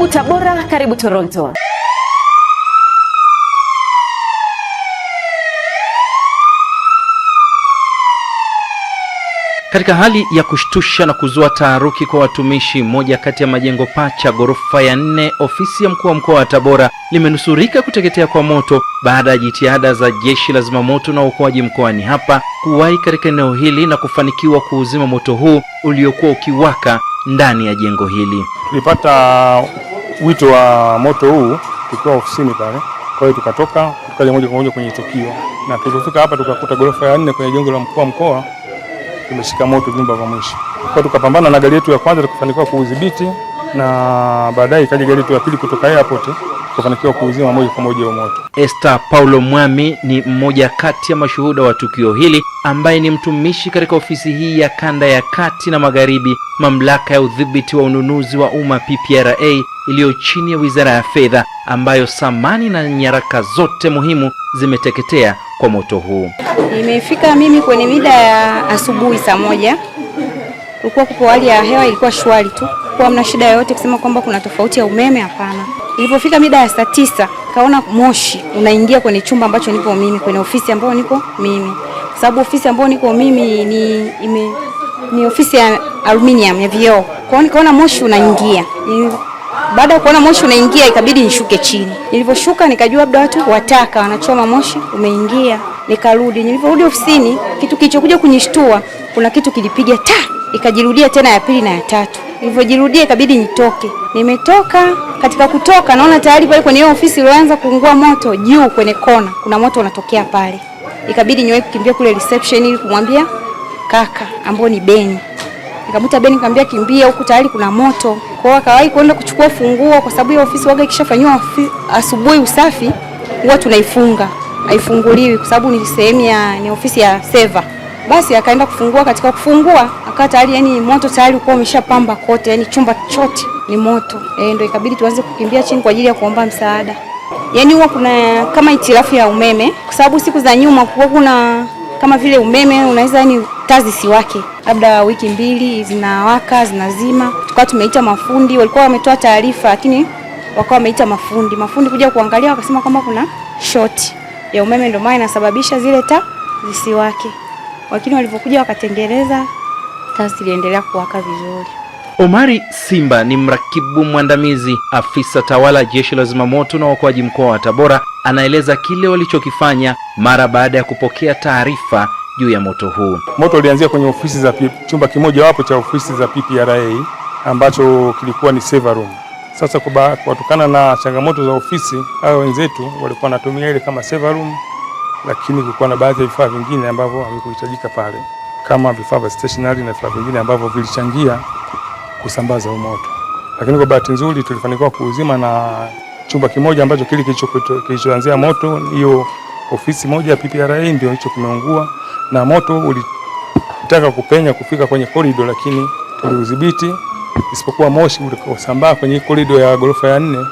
Karibu Tabora, karibu Toronto. Katika hali ya kushtusha na kuzua taharuki kwa watumishi, moja kati ya majengo pacha ghorofa ya nne, ofisi ya mkuu wa mkoa wa Tabora limenusurika kuteketea kwa moto baada ya jitihada za jeshi la zimamoto na uokoaji mkoani hapa kuwahi katika eneo hili na kufanikiwa kuuzima moto huu uliokuwa ukiwaka ndani ya jengo hili. Tulipata wito wa moto huu tukiwa ofisini pale. Kwa hiyo tukatoka tukaja moja kwa moja kwenye tukio, na tulipofika hapa tukakuta ghorofa ya nne kwenye jengo la mkuu wa mkoa tumeshika moto vyumba vya mwisho. Kwa tukapambana na gari yetu ya kwanza tukafanikiwa kuudhibiti, na baadaye ikaja gari yetu ya pili kutoka airport tukafanikiwa kuuzima moja kwa moja moto. Esther Paulo Mwami ni mmoja kati ya mashuhuda wa tukio hili ambaye ni mtumishi katika ofisi hii ya kanda ya kati na magharibi, mamlaka ya udhibiti wa ununuzi wa umma PPRA iliyo chini ya Wizara ya Fedha ambayo samani na nyaraka zote muhimu zimeteketea kwa moto huu. Nimefika mimi kwenye mida ya asubuhi saa moja. Kulikuwa kuko hali ya hewa ilikuwa shwari tu, kwa mna shida yoyote kusema kwamba kuna tofauti ya umeme, hapana. Ilipofika mida ya saa tisa kaona moshi unaingia kwenye chumba ambacho nipo mimi, kwenye ofisi ambayo niko mimi, kwa sababu ofisi ambayo niko mimi ni ime, ni ofisi ya aluminium ya vioo. Kwa hiyo nikaona moshi unaingia baada ya kuona moshi unaingia, ikabidi nishuke chini. Nilivyoshuka nikajua labda watu wataka wanachoma moshi umeingia, nikarudi. Nilivyorudi ofisini, kitu kilichokuja kunishtua, kuna kitu kilipiga ta, ikajirudia tena ya pili na ya tatu. Nilivyojirudia ikabidi nitoke. Nimetoka, katika kutoka naona tayari pale kwenye hiyo ofisi ilianza kuungua moto, juu kwenye kona kuna moto unatokea pale, ikabidi niwahi kukimbia kule reception ili kumwambia kaka ambao ni Beni nikamuta Ben, nikamwambia kimbia huku tayari kuna moto. Kwa hiyo akawahi kwenda kuchukua funguo, kwa sababu ya ofisi waga ikishafanywa asubuhi usafi huwa tunaifunga, haifunguliwi kwa sababu ni sehemu ya ni ofisi ya seva. Basi akaenda kufungua, katika kufungua akawa tayari yani moto tayari ulikuwa umeshapamba kote, yani chumba chote ni moto e, ndio ikabidi tuanze kukimbia chini kwa ajili ya kuomba msaada. Yaani huwa kuna kama itilafu ya umeme, kwa sababu siku za nyuma kulikuwa kuna kama vile umeme unaweza yani taa zisiwake labda wiki mbili, zinawaka zinazima. Tukawa tumeita mafundi, walikuwa wametoa taarifa, lakini wakawa wameita mafundi, mafundi kuja kuangalia, wakasema kwamba kuna short ya umeme, ndio maana inasababisha zile taa zisiwake. Lakini walivyokuja wakatengeneza taa, ziliendelea kuwaka vizuri. Omari Simba ni mrakibu mwandamizi, afisa tawala, jeshi la zimamoto na uokoaji mkoa wa Tabora, anaeleza kile walichokifanya mara baada ya kupokea taarifa juu ya moto huu. Moto ulianzia kwenye ofisi za chumba kimoja wapo cha ofisi za PPRA ambacho kilikuwa ni server room. Sasa kutokana na changamoto za ofisi, hao wenzetu walikuwa wanatumia ile kama server room, lakini kulikuwa na baadhi ya vifaa vingine ambavyo havikuhitajika pale, kama vifaa vya stationary na vifaa vingine ambavyo vilichangia kusambaza huu moto, lakini kwa bahati nzuri tulifanikiwa kuuzima na chumba kimoja ambacho kile kilichoanzia moto, hiyo ofisi moja ya PPRA ndio hicho kimeungua, na moto ulitaka kupenya kufika kwenye korido, lakini tuliudhibiti, isipokuwa moshi ulikosambaa kwenye korido ya ghorofa ya nne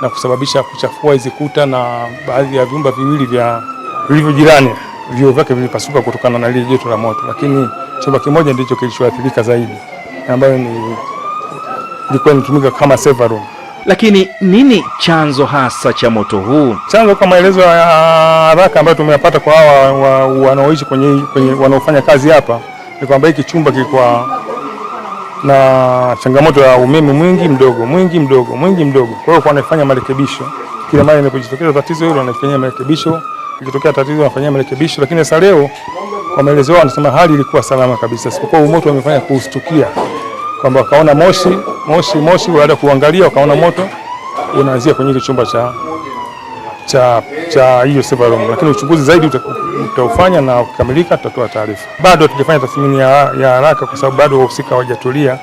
na kusababisha kuchafua hizi kuta na baadhi ya vyumba viwili vya vilivyo jirani vioo vyake vilipasuka kutokana na lile joto la moto, lakini chumba kimoja ndicho kilichoathirika zaidi, ambayo ni ilikuwa inatumika kama server room. Lakini nini chanzo hasa cha moto huu? Chanzo kwa maelezo ya haraka ambayo tumeyapata kwa hawa wanaoishi kwenye, kwenye wanaofanya kazi hapa ni kwamba hiki chumba kilikuwa na changamoto ya umeme mwingi mdogo mwingi mdogo mwingi mdogo. Kwa hiyo wanafanya marekebisho kila mara inapojitokeza tatizo hilo wanafanyia marekebisho, ikitokea tatizo wanafanyia marekebisho. Lakini sasa leo kwa maelezo yao wanasema hali ilikuwa salama kabisa, sipokuwa moto wamefanya kuustukia kwamba wakaona moshi moshi moshi, baada ya kuangalia wakaona moto unaanzia kwenye hicho chumba cha cha cha hiyo server room, lakini uchunguzi zaidi utaufanya na ukikamilika tutatoa taarifa. Bado hatujafanya tathmini ya ya haraka kwa sababu bado wahusika hawajatulia,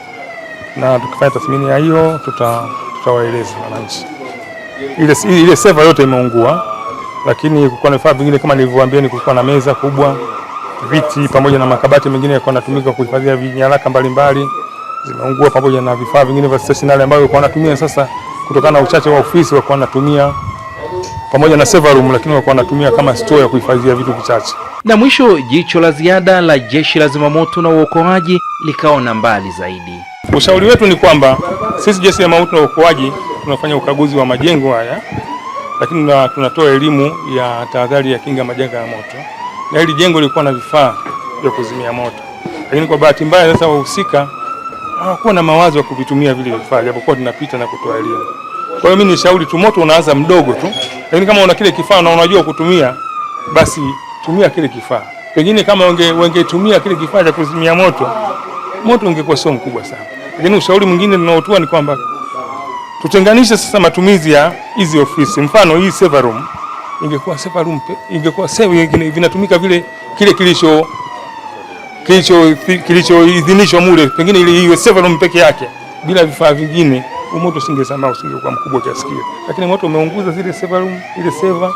na tukifanya tathmini ya hiyo tutawaeleza wananchi. Ile ile server yote imeungua, lakini kulikuwa na vifaa vingine kama nilivyowaambia, ni kulikuwa na meza kubwa, viti pamoja na makabati mengine yalikuwa yanatumika kuhifadhia nyaraka mbalimbali. mbali zimeungua pamoja na vifaa vingine vya stationary ambavyo kwa wanatumia sasa, kutokana na uchache wa ofisi walikuwa wanatumia pamoja na server room, lakini walikuwa wanatumia kama store ya kuhifadhia vitu vichache. Na mwisho jicho la ziada la jeshi la zimamoto na uokoaji likaona mbali zaidi. Ushauri wetu ni kwamba sisi jeshi la zimamoto na uokoaji tunafanya ukaguzi wa majengo haya, lakini tunatoa elimu ya tahadhari ya kinga majanga ya moto, na hili jengo lilikuwa na vifaa vya kuzimia moto, lakini kwa bahati mbaya sasa wahusika hawakuwa na mawazo ya kuvitumia vile vifaa, japokuwa tunapita na kutoa elimu. Kwa hiyo mimi nishauri tu, moto unaanza mdogo tu, lakini kama una kile kifaa na unajua kutumia, basi tumia kile kifaa. Pengine kama wangetumia kile kifaa cha kuzimia moto, moto ungekuwa sio mkubwa sana. Lakini ushauri mwingine ninaotoa ni kwamba tutenganishe sasa matumizi ya hizi ofisi, mfano hii server room ingekuwa server room ingekuwa server vinatumika vile kile kilicho kilicho kilichoidhinishwa mule, pengine ile iwe Sevalon peke yake, bila vifaa vingine, umoto usingesambaa, usingekuwa mkubwa kiasi kile. Lakini moto umeunguza zile Sevalon, ile seva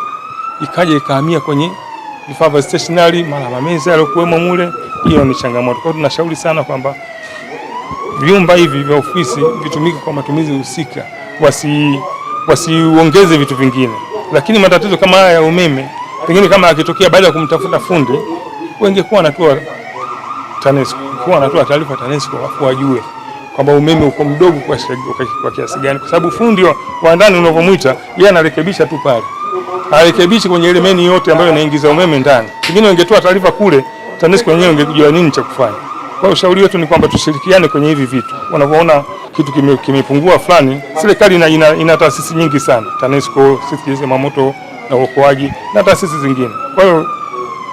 ikaja ikahamia kwenye vifaa vya stationary, mara mameza yaliokuwemo mule. Hiyo ni changamoto. Kwa hiyo tunashauri sana kwamba vyumba hivi vya ofisi vitumike kwa matumizi husika, wasi wasiongeze vitu vingine. Lakini matatizo kama haya ya umeme, pengine kama akitokea baada ya kumtafuta fundi, wengekuwa wanatua TANESCO, kwa wanatoa taarifa TANESCO wafu wajue kwamba umeme uko mdogo kwa kiasi gani, kwa sababu fundi wa ndani unavyomwita yeye anarekebisha tu pale, arekebishi kwenye ile meni yote ambayo inaingiza umeme ndani. Pengine wangetoa taarifa kule, TANESCO wenyewe ungejua nini cha kufanya. Kwa ushauri wetu ni kwamba tushirikiane kwenye hivi vitu. Wanavyoona kitu kimepungua kime fulani, serikali ina, ina, ina taasisi nyingi sana, TANESCO, sisi zimamoto na uokoaji na taasisi zingine. Kwa hiyo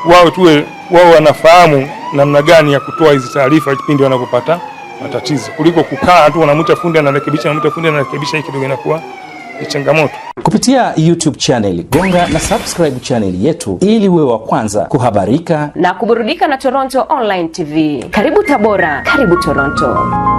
wao tuwe wao wanafahamu namna gani ya kutoa hizi taarifa kipindi wanapopata matatizo, kuliko kukaa tu wanamwita fundi anarekebisha, anamwita fundi anarekebisha, hiki kidogo inakuwa ni changamoto. Kupitia YouTube channel, gonga na subscribe channel yetu ili uwe wa kwanza kuhabarika na kuburudika na Toronto Online TV. Karibu Tabora, karibu Toronto.